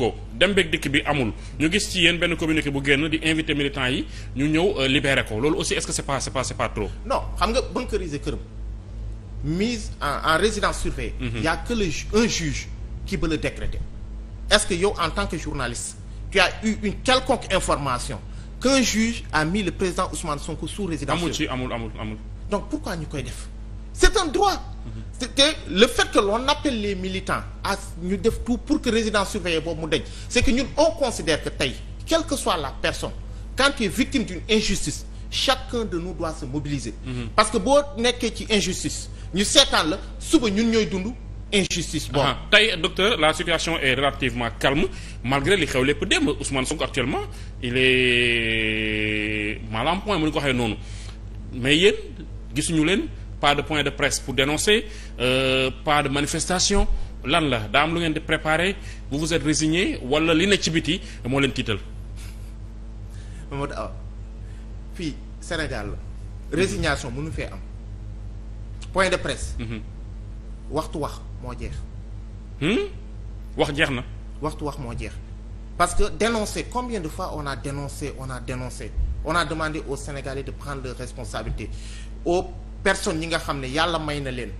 ko dem beeg dikk bi amul ñu gis ci yéen benn communiqué bu génn di invité militants yi ñu ñëw euh, libéré ko loolu aussi est-ce que c'est pas c'est pas c'est pas trop. non xam nga bunkeriser këram mise en en résidence surveillée. Mhm. y a que un juge qui peut le décréter. est-ce que yow en tant que journaliste tu as eu une quelconque information qu'un juge a mis le président Ousmane Sonko sous résidence. amul ci amul amul amul. donc pourquoi ñu koy def. c'est un droit te le fait que l'on appelle les militants à ñu def tout pour que résidence surveillée boobu mu deñ c'est que ñun on considère que tey quelle que soit la personne quand tu es victime d'une injustice chacun de nous doit se mobiliser mm-hmm. parce que boo nekkee ci injustice ñu seetaan la suba ñun ñooy dund injustice bon tey docteur la situation est relativement calme malgré li xew lépp démb Ousmane Sonko actuellement il est mal en point mu ñu noonu mais yéen leen pas de point de presse pour dénoncer euh, pas de manifestation lan la daa am lu ngeen di préparer vous vous êtes résigné wala li ne ci biti moo leen tiital. Mamadou Awa fii Sénégal la résignation mënu fee am point de presse. Mhm. waxtu wax moo jeex. Hmm? wax jeex na. waxtu wax moo jeex parce que dénoncer combien de fois on a dénoncé on a dénoncé on a demandé aux Sénégalais de prendre leurs au personne ñi nga xam ne yàlla may na leen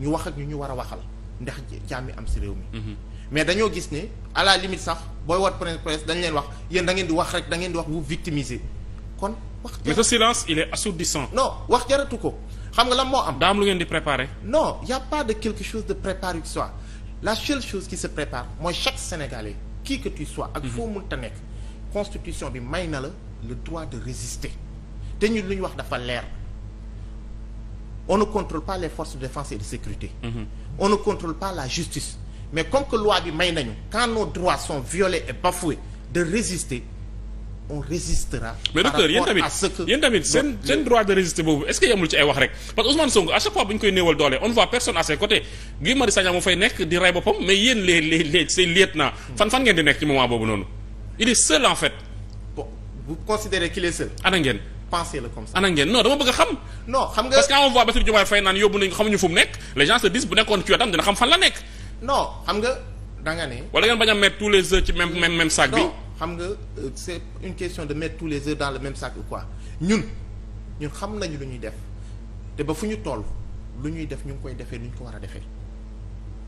ñu wax ak ñu ñu war a waxal ndax jàmmi am si réew mi. Mhm. mais dañoo gis ne à la sax booy wat point presse dañ leen wax yéen da ngeen di wax rek da ngeen di wax vous victimiser kon. wax mais ce silence wax jaratu ko xam nga lan moo am. daa am lu ngeen di préparer. non y' a pas de quelque chose de préparé que soit la seule chose qui se prépare mooy chaque sénégalais qui que tu sois. ak mhm. foo mënta nekk constitution bi may na la le droit de résister te ñun lu ñu wax dafa leer. on ne contrôle pas les forces de défense et de sécurité. Mhm. on ne contrôle pas la justice. mais comme que loi bi may nañu quand nos droits sont violés et bafoués de résister on résistera. mais docteur yéen tamit tamit seen seen de résister boobu est que yamul ci ay wax rek parce que Ousmane Sonko à chaque fois bu ñu koy néewal doole on voit personne à ses côtés Guy Marius Sagna moo fay nekk di rey boppam mais yéen les les les say lieutenant fan fan ngeen pensez la comme ça. ana ngeen no dama bëgg a xam. non xam nga parce que quand on voit Bassirou naan yóbbu nañu xamuñu fu nekk les gens se disent bu nekkoon ci wetam dina xam fan la nekk. non xam nga da ne. wala ngeen bañ a mettre tous les œufs ci même euh, les œufs dans le même sac ou quoi ñun ñun xam nañu lu ñuy def te ba fu ñu toll lu ñuy def ñu ngi koy defee lu ko war a defee.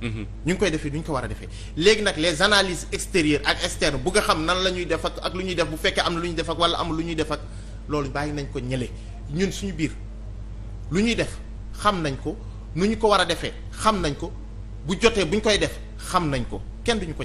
Mhm. ñu ngi koy defee du ko war a defee léegi nag les analyses extérieures ak externes bu nga xam nan la ñuy def ak ak lu ñuy def bu fekkee am na lu ñuy def ak wala am lu ñuy def ak loolu bàyyi nañ ko ñële ñun suñu biir lu ñuy def xam nañ ko nu ñu ko war a defee xam nañ ko bu jotee bu ñu koy def xam nañ ko kenn duñu ko